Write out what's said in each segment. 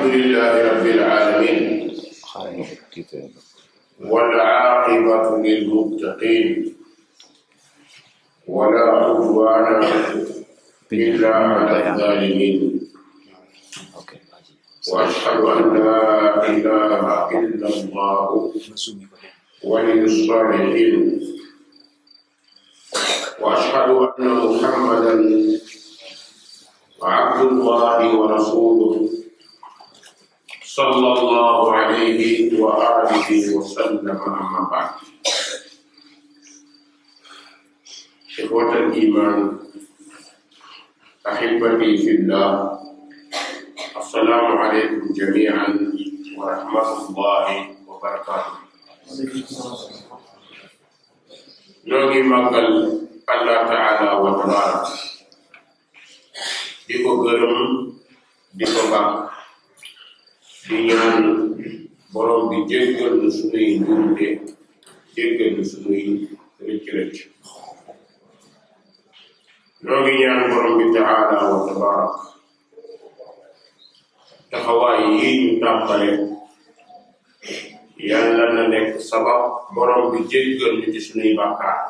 alhamdulillahi rabbil alamin wal aaqibatu lil muttaqin wala udwana illa ala zalimin wa ashhadu an la ilaha illa allah waliyus salihin wa ashhadu anna muhammadan abdullahi wa rasuluh sallallahu alayhi wa alihi wa sallam amma ba'd ikhwata al-iman ahibati fillah assalamu alaykum jami'an wa rahmatullahi wa barakatuh ñoo ngi màggal Allah taala wa tabarak di ko gërëm di ko bàkk di ñaan borom bi jéggal na sunuy na sunuy rëcc rëcc noo ngi ñaan borom bi taala wa tabarak taxawaay yi ñu tàmbale yàlla na nekk sabab borom bi jéggal ñu ci sunuy bàkkaar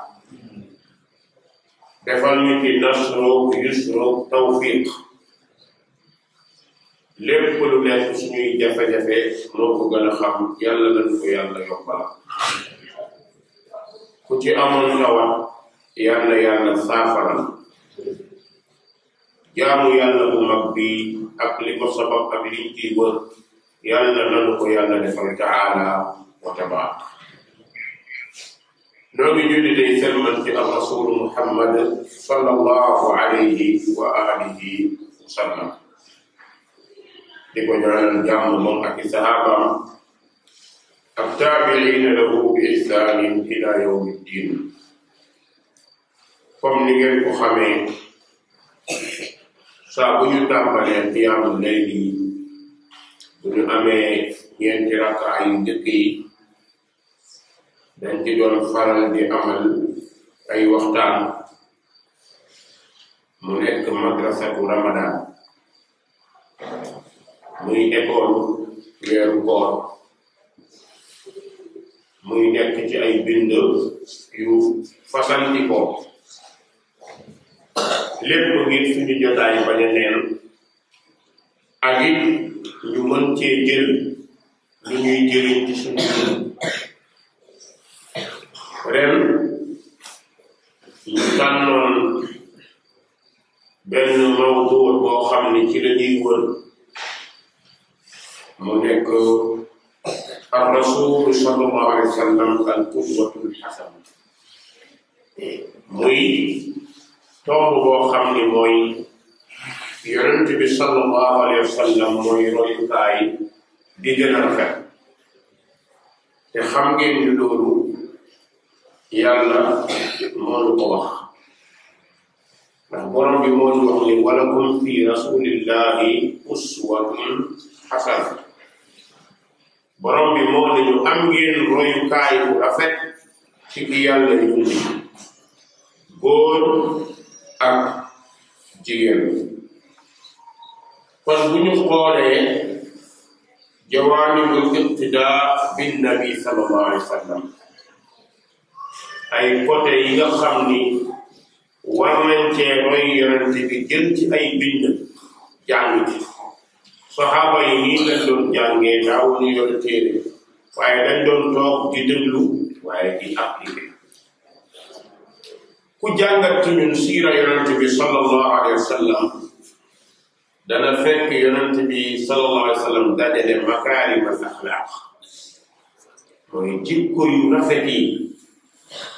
tawfiq lépp lu nekk suñuy jafe-jafe moo ko a xam yàlla nañ ko yàlla yombal ku ci amoon tawat yàlla yàlla saafara jaamu yàlla bu bi ak li ko sabab ak liñ ciy wër yàlla nañu ko yàlla defal taala wa tabarak noo ngi julli day selman ci al rasul muhammad sallallahu alayhi wa alihi wa di ko ñaanal jàmm moom ak i saxaabaam ak taabiina lahu bi ihsaanin ila yawmi ddin comme ni ngeen ko xamee saa bu ñu tàmbalee qiyaamul layli bu ñu amee ñeenti rakkaa yu njëkk yi dañ ci doon di amal ay waxtaan mu nekk madrasatu ramadan muy école weeru koor muy nekk ci ay bind yu fasanti ko lépp ngir suñu jotaay bañ a ñu mën cee jël lu ñuy jëriñ ci suñu ren ñu tànnoon benn mawdu boo xam ne ci la mu nekk ar rasul sallallahu alayhi wa sallam al qudwatul xasan muy tomb boo xam ni mooy yonent bi sallallahu alayhi wa sallam mooy royukaay di gën a rafet te xam ngeen ni loolu yàlla moo ñu ko wax ndax borom bi moo ñu wax ni walakum fi rasulillahi uswatun xasana borom bi moo ne am ngeen royukaay bu rafet ci ki yàlla yu ni góor ak jigéen kon bu ñu xoolee jawaanibul iqtidaa bin nabi sallallahu alayhi wa ay côté yi nga xam ni war nañ cee roy yonente jël ci ay bind jàng saxaaba yi nii lañ doon jàngee daawuñu yor téere toog di déglu waaye di appliqué ku jàngat ñun siira yonent bi sallallahu alayhi wa sallam dana fekk yonent bi sallallahu alayhi wa sallam dajale makaarim al axlaaq mooy jikko yu rafet yi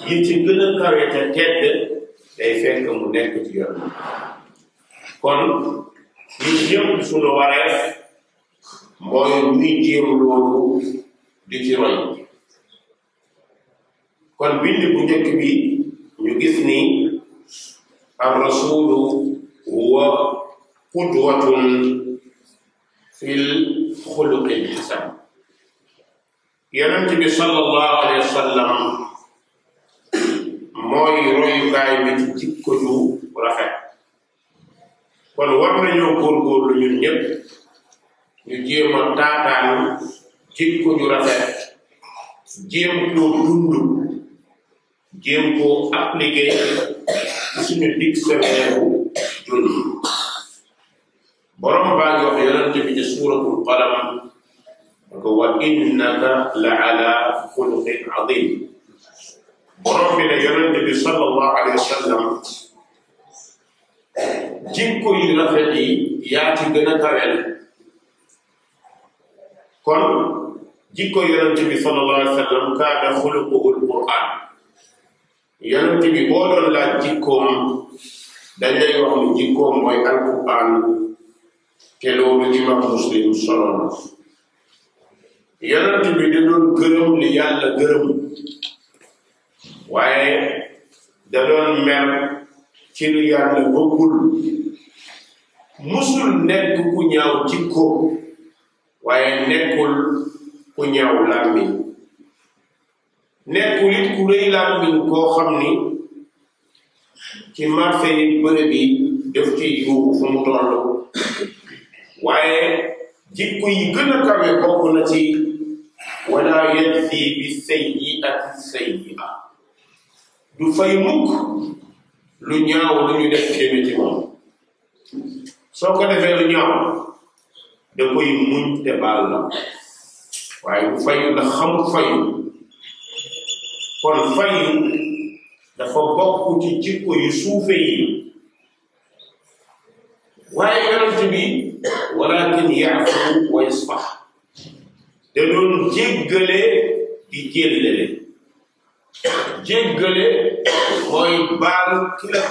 yi ci gën a te tedd day fekk mu nekk ci yonent kon ñun ñëpp suñu wareef mooy ñuy jéem loolu di roy kon bind bu njëkk bi ñu gis ni ar rasulu huwa qudwatun fil xuluqil xasan yonent bi sallallahu alayhi wa mooy royukaay bi ci jikko rafet kon war nañoo góorgóorlu ñun ñëpp ñu jéem a taataan jikko ju rafet jéem koo dund jéem koo appliqué ci suñu dig semeeru dund borom baa ngi wax yonent bi ci suuratul qalam ko wa innaka la ala xuluqin adim borom bi ne yonent bi sallallahu alayhi wa sallam jikko yu rafet yi yaa ci gën kon jikko yonent bi sallallahu alayhi wa sallam kaana xuluquhul Qur'an boo doon laaj jikkoom dañ lay jikkoom mooy alquran te loolu imam muslim solo na yonent da doon gërëm li yàlla gërëm waaye da doon mer ci lu yàlla musul nekk ku ñaaw jikko waaye nekkul ku ñaaw làmmiñ nekkul it ku rëy làmmiñ koo xam ni ci marché yi bërëb def ci yuubu fu mu waaye jikko yi gën a kawe bokk na ci wala yajzi bi sayyi'ati sayyi'a du fay mukk lu ñaaw lu ñu def kéeme ci moom soo ko defee lu ñaaw da koy muñ te baal la waaye bu fayu ndax xamul fayu kon fayu dafa bokk jikko yu suufe yi waaye yonent bi walakin yaafu wa yasfax da doon jéggale di jéllale jéggale mooy baal ki la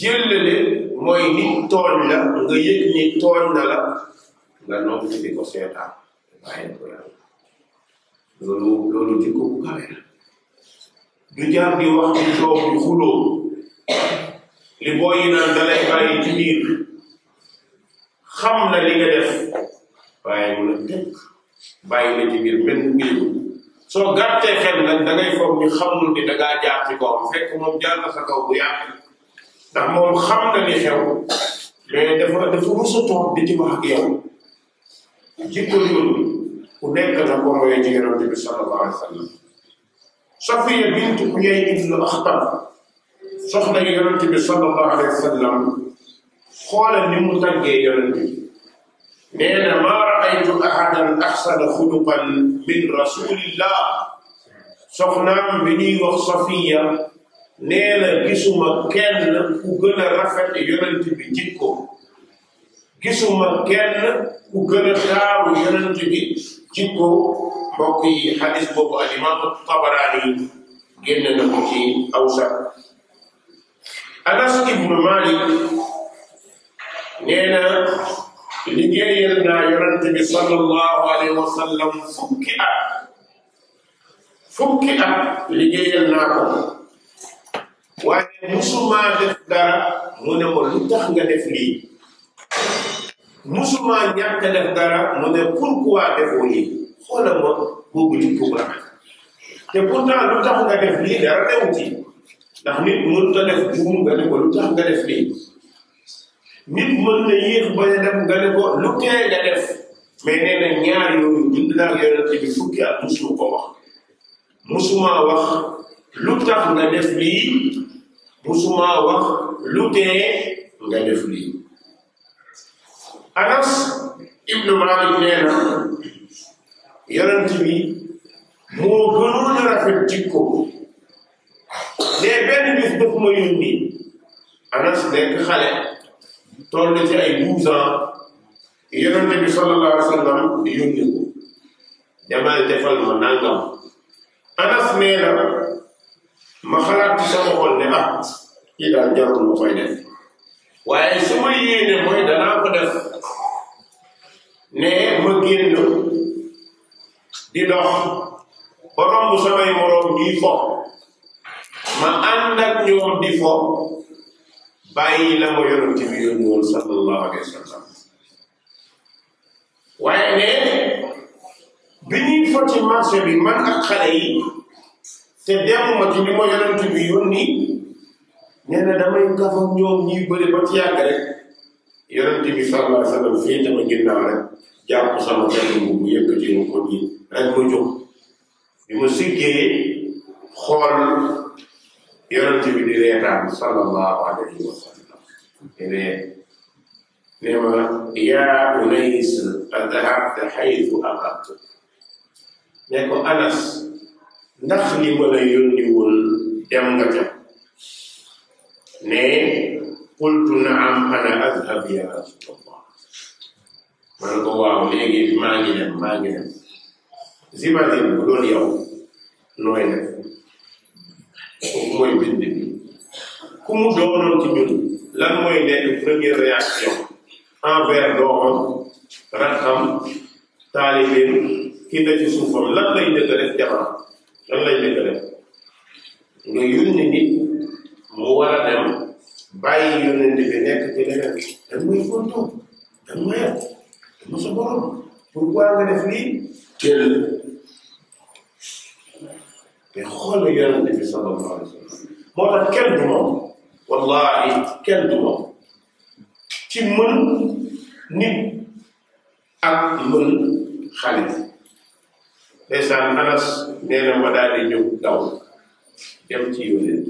jëllale mooy nit tooñ la nga yëg ni tooñ na la nga noppi ci di ko seetaan du jaar di wax di xuloo li booy yi naan dalay bàyyi xam na li nga def waaye mu ne tëkk na ci biir mel ni soo gàttee xel nag da foog ñu xamul ni da ngaa jaar ci kawam fekk moom jaar na sa kaw ndax moom xam na li xew mais dafa dafa mës a toog di ci wax ak yow jikko na ko mooy ci yonent bi sallallahu alayhi wa sallam Safiya bint Uyay ibn Axtab soxna yonent bi sallallahu alayhi wa sallam xoola ni mu tàggee yonent bi nee na bi ñuy wax Safiya nee na gisuma kenn ku gën a rafet jikko gisuma kenn ku gën a taaru jikko mbokk yi xadis boobu al imam Tabaraani génn na ko ci Awsat Anas ibnu Malik nee naa yonent bi sallallahu wa sallam fukki at fukki naa ko waaye musulmaa def dara mu ne ma lu tax nga def lii musulmaa ñàkk def dara mu ne pourquoi defoo lii xoolal ma boobu ci tubaab te pourtant lu tax nga def lii dara teewu ci ndax nit mën ne ko lu tax nga def lii nit mën a def nga ne ko lu tee nga na ñaar yooyu dund naa ak yonent bi fukki musuma wax lu tax nga def lii musuma wax lu tee nga def lii anas ibnu malik nee na bi moo gënoon a rafet jikko ne benn bis daf ma anas nekk xale toll ci ay douze ans yonent bi sallallahu alayhi wa sallam ko demal defal ma nangam anas nee ma xalaat ci sama xol ne ah kii daal jarul ma koy def waaye sama yéene mooy danaa ko def ne ma di dox ba romb samay moroom fo ma ànd ak di fo bàyyi la ma yonent bi yónni woon sallallahu alayhi wa sallam waaye ne bi ñuy fo ci marché bi man ak xale te delluma ci li ma yonent bi yónni nee na damay kaf ak ñoom ñi bëri rek yonent bi sallallahu alayhi fii tamit ginnaaw rek jàpp sama benn bu mu yëkkati mu ko nii rek mu jóg bi mu siggee xool yonent bi di reetaan sallallahu alayhi wa sallam di ree nee ma yaa Unays adhabta haythu ahabta ne ko Anas ndax li ma la dem nga ca ne qultu naam ana adhab ya rasulallah man ko waaw léegi maa ngi dem maa ngi dem zibatin bu doon yow nooy def mooy bind ku mu doonoon ci ñun lan mooy nekk première réaction envers doomam rakkam taalibeem kii na suufam lan lay dëgg def jamono lan lay njëkk a def nga yónni nit mu war a dem bàyyi yónni bi nekk ci leneen da nga may fontoo da nga may yàq dama sa borom pourquoi nga def lii teel te xool na yonente bi sallallahu alayhi wa moo tax kenn du moom wallahi kenn du moom ci mën nit ak mën xaalis ndeysaan anas nee ma daal di daw dem ci yonent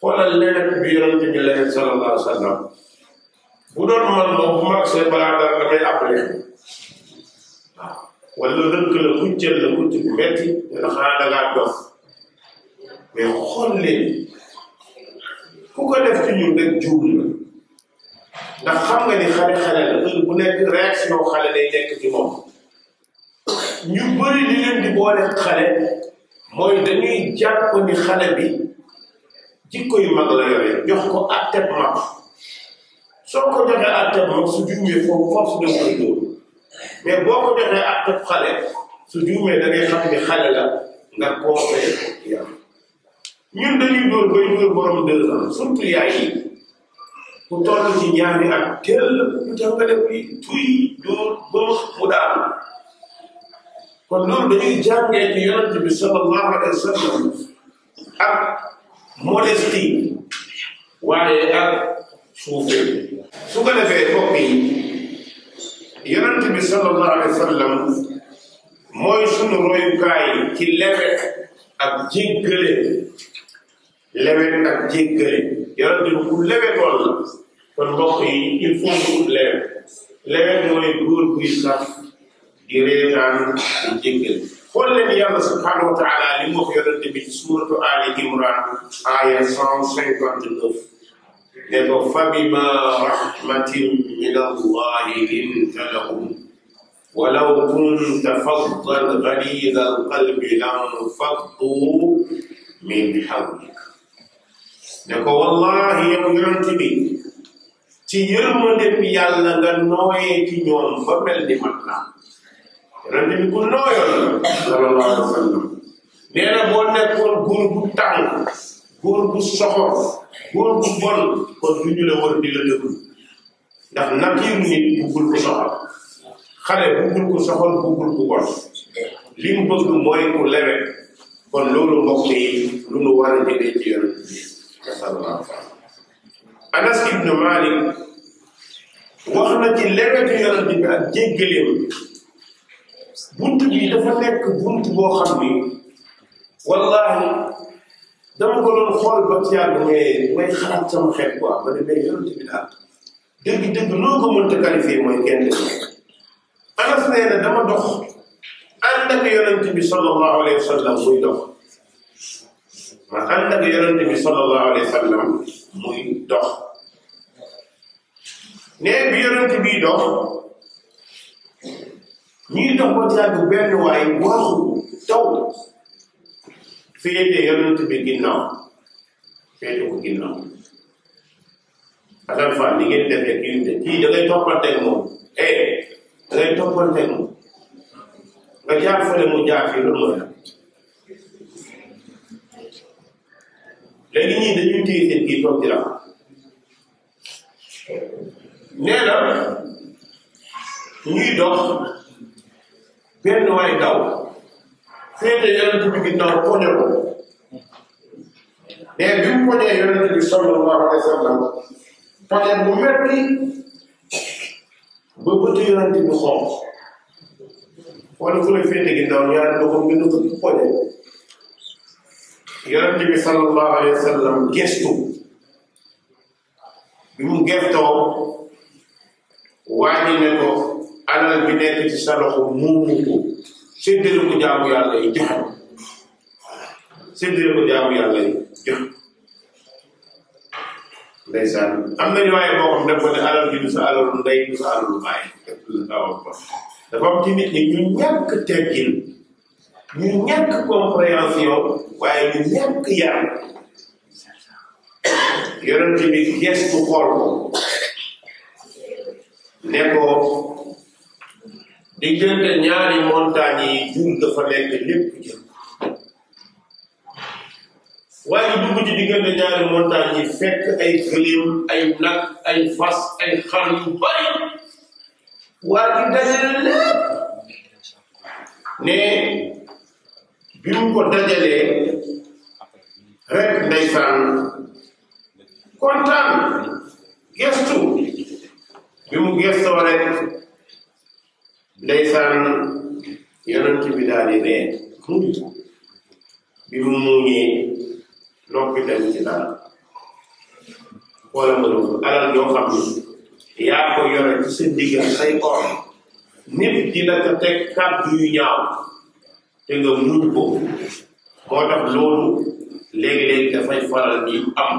xoolal leneen bi yonent bi leneen sallallahu wa sallam bu doon man moom bu mag see balaa dara damay appelé waaw wala lëkk la muccël la mucc bu metti dana xanaa da ngaa dof mais xool leen def ci ñun rek juum la xam nga ni xale xale la heure bu nekk réaction xale lay nekk ci moom ñu bëri li leen di boole xale mooy dañuy jàpp ni xale bi jikko mag la yore jox ko atteb mag soo ko joxee atteb mag su juumee foofu force su juumee da xam ni xale la nga koofee yam ñun dañuy dóor bay dóor borom deux ans surtout ku toll ci ñaari at teel lu tax nga def bi tuy dóor boo mu daal kon loolu dañuy jàngee ci yonent bi sallallahu alayhi wa sallam ak modestie waaye ak suufee su ko defee bopp yi yonent bi sallallahu alayhi wa sallam mooy sunu royukaay ci lewet ak jéggale lewet ak jéggale yonent bi ku lewetoon la kon mbokk yi il faut ñu lewet lewet mooy guy saf di reetaan di jéggal xool leen yàlla subhaanahu wa taala li mu wax yonente bi suuratu Ali Imran aaya cent cinquante neuf ne ko fa bima rahmatin min allahi linta lahum walaw kunta faddan ghaliza alqalbi lanfaddu min hawlik ne ko wallahi yow yonente bi ci yërmande bi yàlla nga nooyee ci ñoom ba mel ni mat naa yonent bi ku nooyoon sallallahu alayhi wa sallam nee na boo nekkoon góor soxor góor bu bon kon du ñu la war di la déglu ndax nakiiru nit buggul ko soxor xale buggul ko soxor buggul ko bon li mu bëgg mooy ku lewe kon loolu mbokk yi lu nu war a jëlee ci Anas ibnu Malik wax na ci lewetu yonent bi ak bunt bi dafa nekk bunt boo xam ni wallahi dama ko doon xool ba ci yàgg mais may xalaat sama xeet quoi ma ne mais yonent bi daal dëgg-dëgg loo ko mënta qualifié mooy kenn anas nee na dama dox ànd ak yonent bi sallallahu alayhi wa sallam muy dox ma ànd ak yonent bi sallallahu alayhi wa sallam muy dox nee bi yonent bi dox ñuy dox ba ci yàgg benn waay waaxu taw féete yonent bi ginnaaw féete ko ginnaaw asan fan li ngeen defee kii de kii da ngay toppanteeg moom eh da ngay toppanteeg moom nga jaar fële mu jaar fii loolu mooy léegi ñii dañuy téye seen kii toog di la nee na ñuy dox benn waay daw féete yonent bi ginnaaw poñe ko mais bi mu poñee sallallahu alayhi wa sallam bu metti ba bëtu yonent bi fu la féete ginnaaw ñaari loxo ngeen ko ci poñe sallallahu alayhi wa gestu bi mu gestoo waa ji ne alal bi nekk ci sa loxo muumu ko séddale ko jaamu yàlla yi joxe ko séddale ko jaamu yàlla yi joxe ndeysaan am na riwaaya boo xam def ko ne alal bi du sa alalu ndey du sa alalu baay dafa am ci nit ñi ñu ñàkk teggin ñu ñàkk compréhension waaye ñu ñàkk yar yonent bi gestu xool ko ne ko diggante ñaari montagne yi dafa nekk lépp jël waaye dugg ci diggante ñaari montagne fekk ay gëléem ay nag ay fas ay xar yu bari waa ji dajale lépp ne bi mu ko dajalee rek ndeysaan kontaan gestu bi mu gestoo rek ndeysaan yonent bi daal di ree bi mu muuñee noppi ci dara wala ma loolu alal yoo xam yaa ko yore ci sa ndigal or nit di la ko teg kàddu yu ñaaw te nga muñ ko moo loolu léegi-léegi dafay faral di am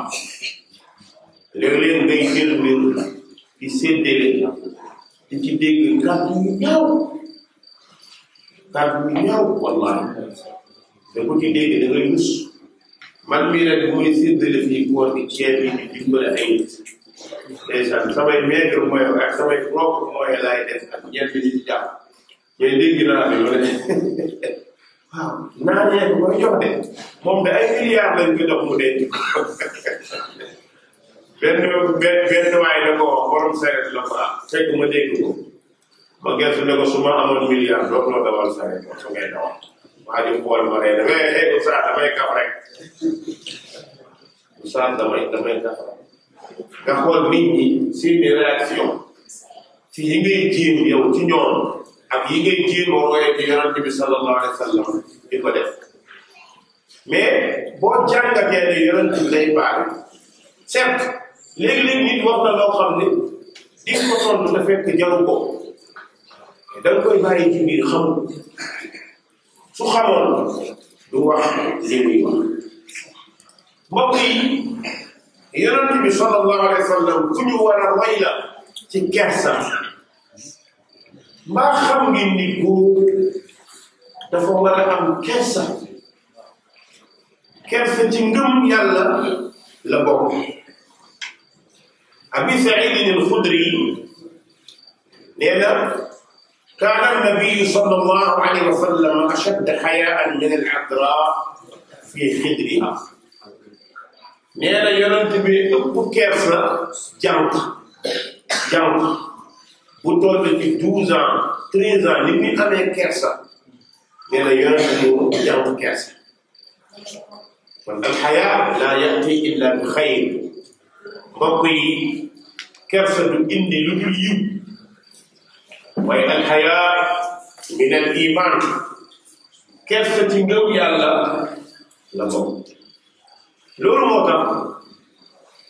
léegi-léegi ngay jël mbir di séddale di ci dégg wallahi da ko ci dégg da ngay rus man mii rek muy séddale fii koor gi ceeb yi ñu dimbale ay nit ndeysaan samay maigre mooy ak samay ak ñenn ñi ci jàpp mais dégg naa ne loolu waaw naa ne ko jox de moom de ay milliards lañ ko jox mu denc benn benn benn waay ko wax borom la fekk ma dégg ko ma gerte ne ko su ma amoon milliard doo ko dawal sareet ma su ngay dawal waa ji xool ma ree damay hey oustaz damay kaf rek oustaz damay damay kaf rek nga xool nit ñi seeni réaction ci yi ngay jéem yow ci ñoom ak yi ngay jéem a roye ci yonent bi sallallahu alayhi wa sallam di ko def boo jàngatee ne yonent bi day baal certes léeg-léeg nit wax na xam ne di ko tontu te fekk jaru ko da koy bàyyi ci biir su xamoon du wax li muy wax mbokk yi bi sallallahu alayhi wa sallam ku ñu war a roy ci kersa mbaa xam ngeen ni góor dafa war a am kersa kersa ci ngëm yàlla la bokk abi saidin alxudri nee na kaana annabiyu sallallahu alayhi wa sallam ashadda xayaan min alxadra fi xidriha nee na yonent bi ëpp kersa jànq jànq bu toll ci douze ans treize ans ni muy amee kersa nee na yonent bi jànq kersa kon alxayaa laa yati illa bi xayr mbokk yi kersa du indi lu dul yiw mooy alxaya kersa ci ngëm yàlla la loolu moo tax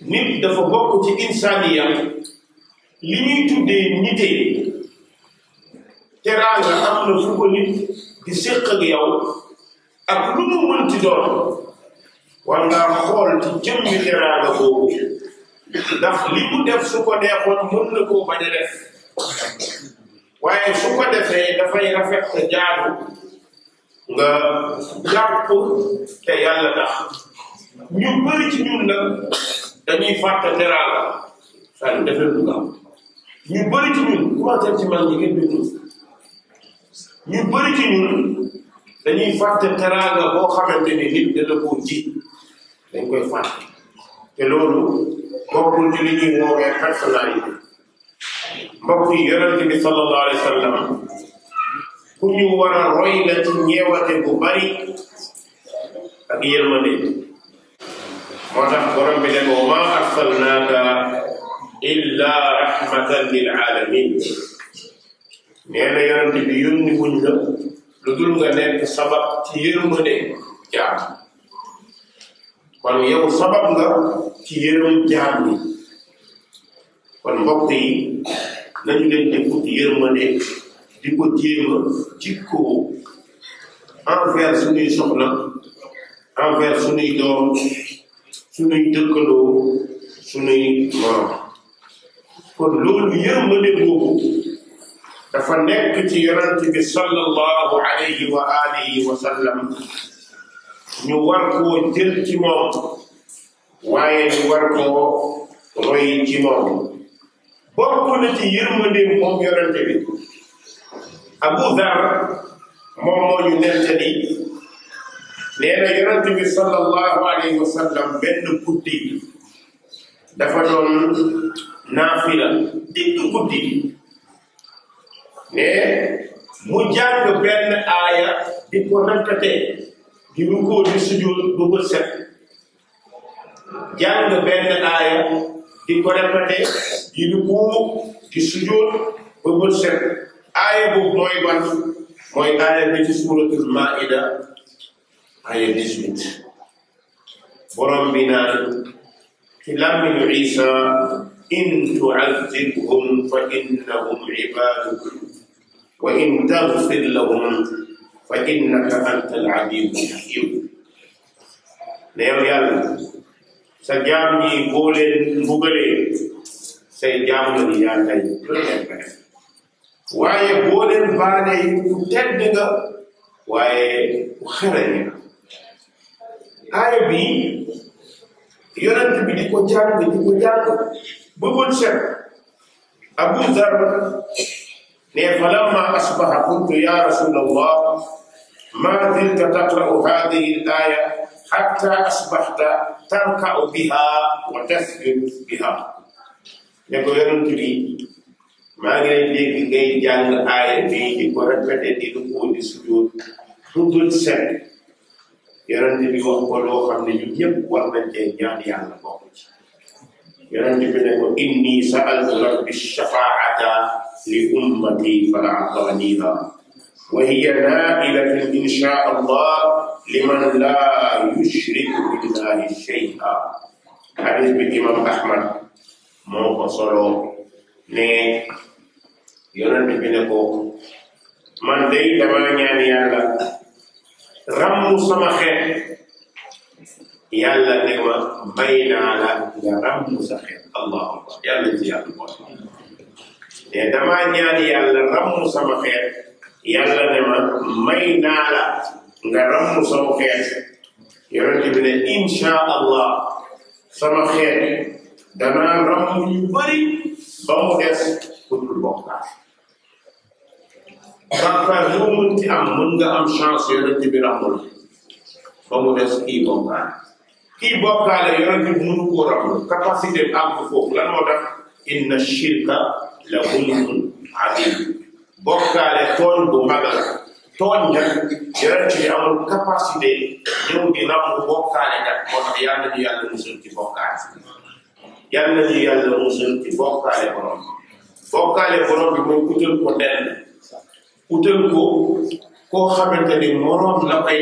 nit dafa bokk ci insaniya li ñuy tuddee nite teraanga am na fu ko nit di séq ak yow ak lu mu doon war ngaa xool ci jëmmi teraanga boobu ndax li mu def su ko neexoon na koo bañ a def waaye su ko dafay rafet te jaadu nga jàpp te yàlla tax ñu bëri ci ñun nag dañuy fàtte teral saa yu defee lu gaaw ñu bëri ci ñun commencé ci man ñi ngeen bindu ñu bëri ci ñun dañuy fàtte teraanga boo xamante ni nit da la koo ji dañ koy fàtte te loolu bokkul ci li ñuy woowee personnalité mbokk yi ku ñu war a ñeewate bu bari ak yërmande moo tax borom bi ne ko ma illa rahmatan lil alamin nee na yonent bi yónni wuñ la lu dul nga nekk sabab kon yow sabab nga ci yërëm jaam yi kon mbokk yi nañu leen di ut di ko jéem a jikkoo envers suñuy soxna envers suñuy doom suñuy dëkkandoo suñuy morom kon loolu yërmande boobu dafa nekk ci yonent bi sallallahu alayhi wa alihi wa sallam ñu war koo jël ci waaye ñu war koo roy ci moom bokk na ci yërmandeem moom yorante bi Abu moom moo ñu nettali nee na yorante bi sallallahu alayhi wa sallam benn guddi dafa doon naafila digg guddi ne mu benn aaya di ko répété ci bu ko di sujjóot bu ko set jàng benn aaya di ko répété di ruku di set aaya boobu mooy ban mooy aaya bi ci suuratul Maa'ida aaya 18 borom bi naan ci làmmiñu Isa in tu'azzibhum fa innahum ibaaduka wa in taghfir lahum fa innaka anta al alimu hakim ne yow yàlla sa jaam ñi boo leen mbugalee waaye boo leen baalee ku tedd nga waaye ku xarañ nga aaya bi di ko jàng di ko jàng bëggoon set Abu Zar ne falamma asbaha qultu ya ما زلت تقرأ هذه الآية حتى أصبحت تركع بها وتسجد بها يقول يرنت لي ما غير ngay jàng aaya bi di ko répété di ko di sujud lu dul set yonent bi wax ko loo xam ne ñun ñëpp war nañ cee ñaan yàlla bokk ci yonent bi ne ko inni sa'altu rabbi shafaa'ata li ummati fala a'taniha وهي نائلة إن شاء الله لمن لا يشرك بالله شيئا حديث بالإمام أحمد moo ko solo ne yonent bi ne ko man day dama ñaan yàlla rammu sama xeet yàlla ne ma bay naa la nga rammu sa xeet allahu akbar yàlla ci yàlla ne dama ñaan yàlla rammu sama xeet yàlla ne ma may naa la nga rammu sama xeet yonent bi ne insha allah sama xeet danaa rammu ñu bari ba mu des pour lu bokkaat bàkkaar boo mën ci am mën nga am chance yonent bi rammu la ba mu des kii bokkaat kii bokkaale yonent bi mënu koo rammu capacité bi àgg foofu lan moo tax inna shirka la zulmun azim bokkaale tooñ bu mag la tooñ nag yonent bi amul capacité ñëw di nangu bokkaale kat moo tax yal nañu yàlla musal ci bokkaale yal bokkaale borom bi mooy utal ko denn utal koo xamante ni moroom la koy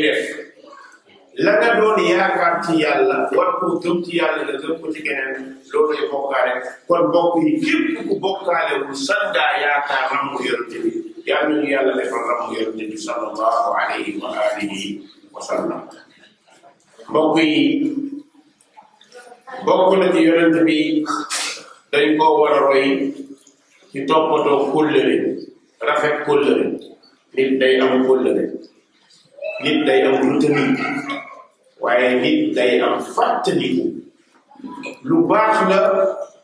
la nga doon yaakaar ci yàlla war ko ci yàlla nga gëm ko ci keneen loolu lay bokkaale kon mbokk yi képp ku bokkaale wu sandaa yaakaar na mu yonent bi yàlla ñu na mu yonent sallallahu alayhi wa alihi wa sallam mbokk yi bokk na ci yonent bi dañ koo war a roy ci rafet kóllëre nit day am kóllëre nit day am lu tamit waaye nit day am fàttaliku lu baax la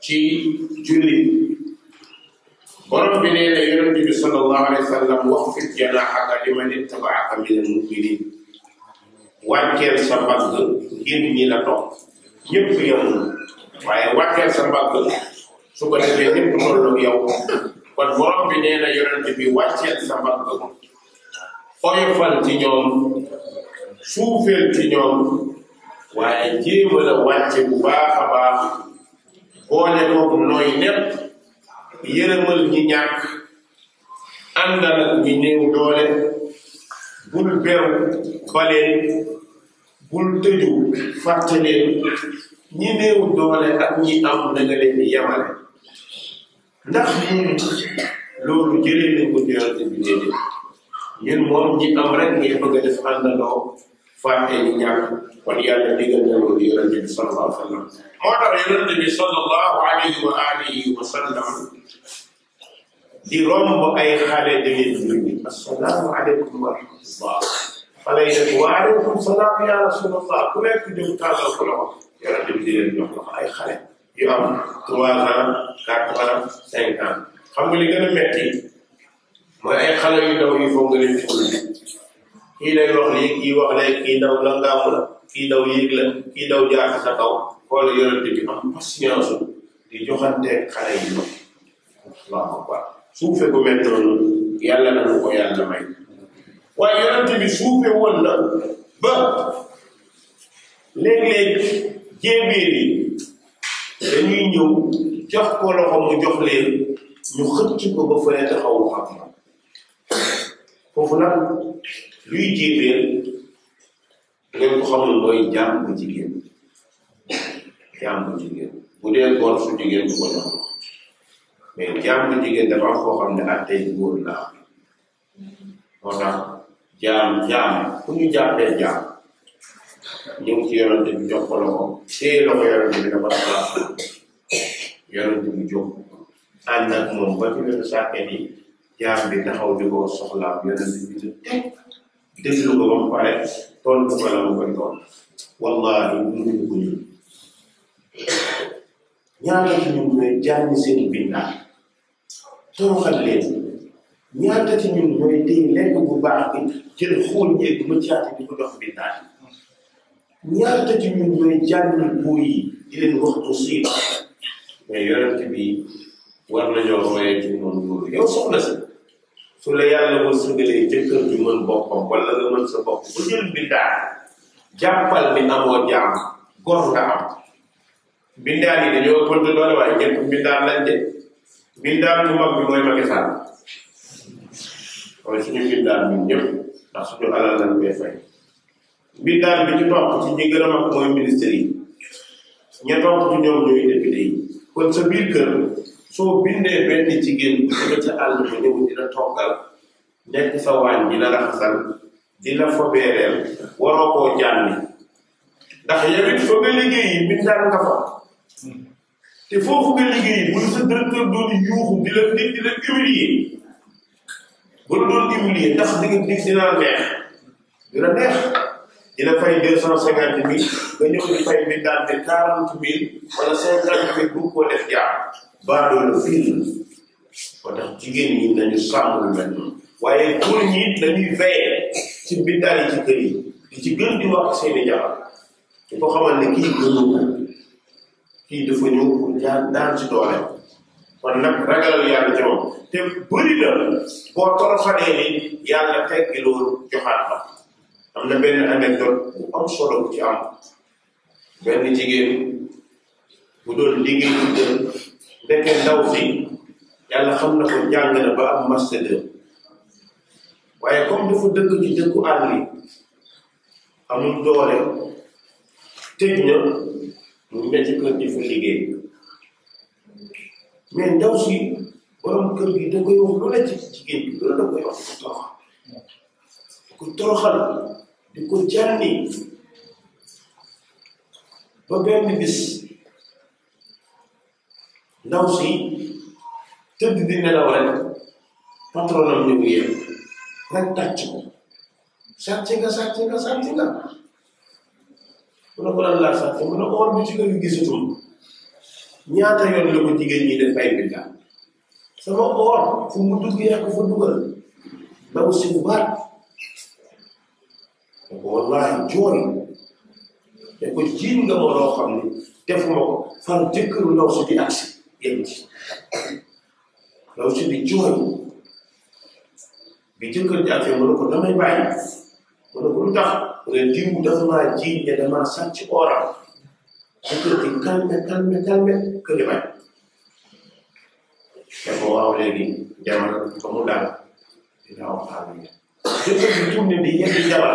ci jullit borom bi nee na yonent sallallahu alayhi wa sallam waxfid janaahaka liman ittabaaka minal mu'miniin wàcceel sa mbagg ngir ñi la topp ñëpp waaye wàcceel sa mbagg su ko defee ñëpp tolloog yow kon borom bi nee na yonent bi wàcceel sa mbagg ñoom suufeel ci ñoom waaye jéem a la wàcce bu baax a baax boole ko nooy nepp yërëmal ñi ñàkk àndal ak ñi doole bul beru baleen bul tëju fàtte leen ñi néew doole ak ñi am na leen di ndax ñun loolu jëlee nañ ko ci yonent bi déedéet moom ñi am rek ngay bëgg a def àndandoo fàtte ñu ñàkk kon yàlla digal na loolu yonente bi sallallahu alayhi wa sallam moo tax yonente bi sallallahu alayhi wa alihi wa sallam di romb ay xale di leen julli assalaamu aleykum wa rahmatullah xale yi nag waaleykum salaam ya rasulallah ku nekk jëm tàllal ko loxo yonente bi di leen jox loxo ay xale yu am trois ans quatre ans cinq ans xam nga li gën a metti mooy ay xale yu ndaw yi foog nga leen ci kii lay wax lii kii wax lay kii ndaw la la kii ndaw yéeg la kii ndaw jaar sa kaw xoola yonent bi am patience di joxante xale yi ma suufe bu mel noonu yàlla nañu ko yàlla may waaye yonent bi suufe woon na ba léeg-léeg jéebiir yi dañuy ñëw jox ko loxo mu jox leen ñu xëcc ko ba fële taxawu xam foofu nag luy jiiteel ngeen ko xamul mooy jàmm bu jigéen jàmm bu jigéen bu dee góor su jigéen du ko mais jàmm bu jigéen dafa am xam ne ak tey góor la moo tax jaam jaam ku ñu jàppee jaam ñu ngi ci yonante bi loxo tee loxo yonante bi dafa soxla yonante bi jóg ànd ak moom ba ci leen sàkket yi jaam bi taxaw di ko soxlaam yonante bi ne déglu ko ba mu pare toll ko wala mu koy toll wallaahi mënuñu ko ñun ñaata ci ñun ñooy jàng seen bindaa toroxal leen ñaata ci ñun ñooy téye lekk bu baax bi jël xool ñeeg mëccaati di ko jox bindaa ñaata ci ñun ñooy jàng buur yi di leen wax tuuti mais yorante bi war nañoo royee ci noonu loolu yow soxna si. su la yàlla mën sëgalee jëkkër mën boppam wala nga mën sa bopp bu jël bindaa jàppal ni amoo jaam góor nga am bindaar yi dañoo pënt doole waaye ñëpp bindaar lañ de bindaar bu mag bi mooy Macky Sall mooy suñu bindaar ñun ñëpp ndax suñu alal lañ koy fay bindaar bi ci topp ci ñi gën a mag mooy ministre yi ña topp ñoom ñooy député yi kon soo bindee benn jigéen bu jóge ca àll ba ñëw di la toggal sa waañ di la raxasal di fobeereel waroo koo jànni ndax yow it fa nga liggéey yi bindaan nga fa te foofu nga liggéey bu sa directeur doon yuuxu di la di la humilier bu la doon humilier ndax di nga dina la dina neex dina fay deux cent cinquante mille nga ñëw di fay bindaan te quarante mille wala cinquante mille bu ko def jaar baadoolo fiir la moo tax jigéen ñi nañu sàmm lu mel waaye góor ñi nañuy veillé ci biddaa yi ci kër yi di ci gën di wax seeni jabar di ko xamal ne kii gënu kii dafa ñëw daan ci doole kon ragalal yàlla ci te bëri na boo toroxalee ni yàlla teggi loolu joxaat la am na benn anecdote bu am solo bu ci am benn jigéen bu doon liggéey ci nekkee ndaw si yàlla xam na ko jàng na ba am waaye comme dafa dëkk ci dëkku àll yi amul doole tëj mu ngi nekk ci kër gi fa liggéey mais ndaw kër gi da koy wax lu la ci jigéen bi loolu da koy wax ko toroxal ko toroxal di ko jànni ba benn bis ndaw si tëdd di nelaw rek patronam ñu ngi yeew rek tàcc ko sàcc nga sàcc nga sàcc nga mu ne ko lan laa sàcc mu ne ko war ci kër gi gisatul ñaata yoon la ko jigéen ñi def ay bidda sama or fu mu dugg yaa fa dugal ndaw si bu baat ne ko wallaahi jooy ne ko jiin nga ma loo xam ne defuma ko far jëkkëru ndaw si di agsi it. loolu ci biir jiw bi jëkkër jafe mu ne ko damay bàyyi mu ne ko lu tax mu ne diw dafa maa jiiñ ne damaa sàcc oram jëkkër di calme calme calme kër gi bàyyi. te mu waaw léegi jamono ba mu daal dina waxtaan bi jëkkër bi tourné di ñetti jabar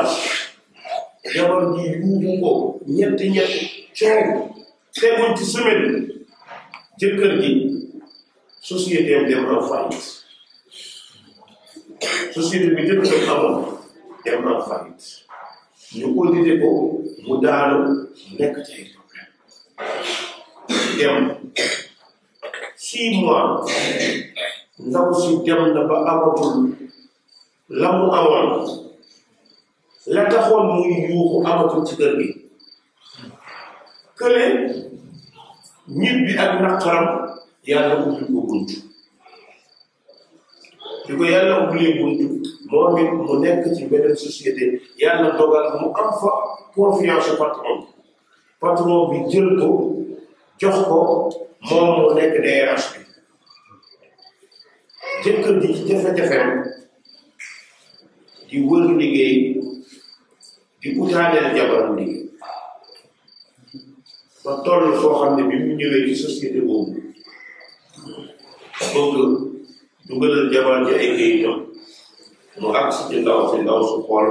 jabar ji yuuxu ko ñetti ñetti coow teguñ ci semaine ci kër gi société dem en faillite société bi jëkk ko amoon dem en faillite ñu ko mu daanu nekk ci ay problème dem six mois ndaw si dem na ba amatul la mu amoon la taxoon muy yuuxu amatul ci kër kële ñibbi ak naqaram yàlla ubbi ko buntu di ko yàlla ubbi moom it mu nekk ci beneen société yàlla dogal mu am confiance patron patron bi jël ko jox ko moom mu nekk DRH bi jëkkër ji ci di wër liggéey di utaaleel jabaram liggéey ba toll foo xam ne bi mu ñëwee ci société boobu bëgg dugalal jabar ji ay kayitam mu àgg si ci ndaw si ndaw su xool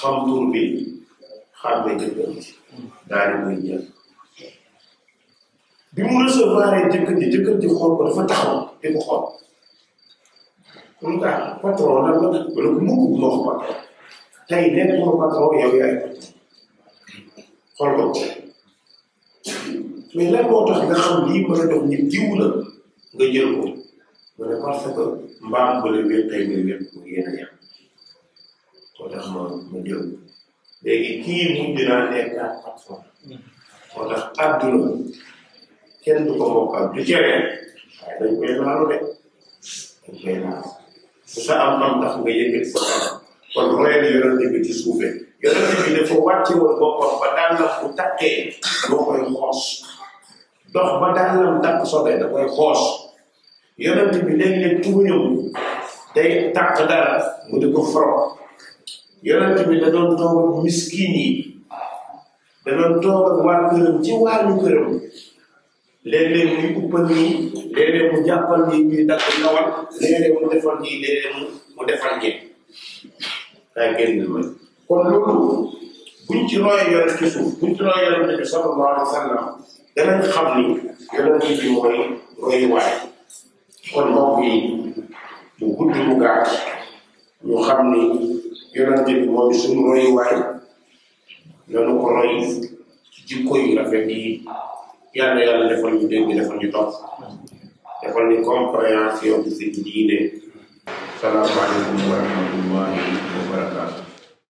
xam tur bi xam ne jëkkër ji daal di muy bi mu recevoir jëkkër ji jëkkër ji xool ko dafa taxaw di ko xool pour nga ah, patron mais moo tax nga xam lii mën a nit jiw nga jël ko mu parce que mbaam bële wépp tey nga wépp mu yéen a yàq moo tax ma jël léegi kii mujj naa nekk ak patron moo tax àdduna kenn du ko mokkal du cere waaye dañ koy naalu de dañ koy naalu bu sa nga yëkkati sa kon royal yonente bi ci suufee yonente bi dafa wàcce ba daan la bu takkee boo koy xoos dox ba dàllam tàkk sobee da koy xoos yonent bi léeg-léeg tubuñam day dara mu di ko forog yonent bi da doon toog ak miskin yi ci waañu këram léeg-léeg ñu uppal mu jàppal nii ñuy dagg ndawal mu defal nii mu mu defal nii daa génn suuf buñ ci royee yonent bi sallallahu danañ xam ni yonent bi mooy royuwaay kon mbokk yi mu gudd mu gàtt ñu xam ni yonent bi mooy suñu royuwaay nanu ko roy ci jikko yu rafet yi yàlla yàlla defal ñu dégg defal ñu topp defal ñu compréhension bi seen diine salaamaaleykum wa rahmatullahi wa barakaatu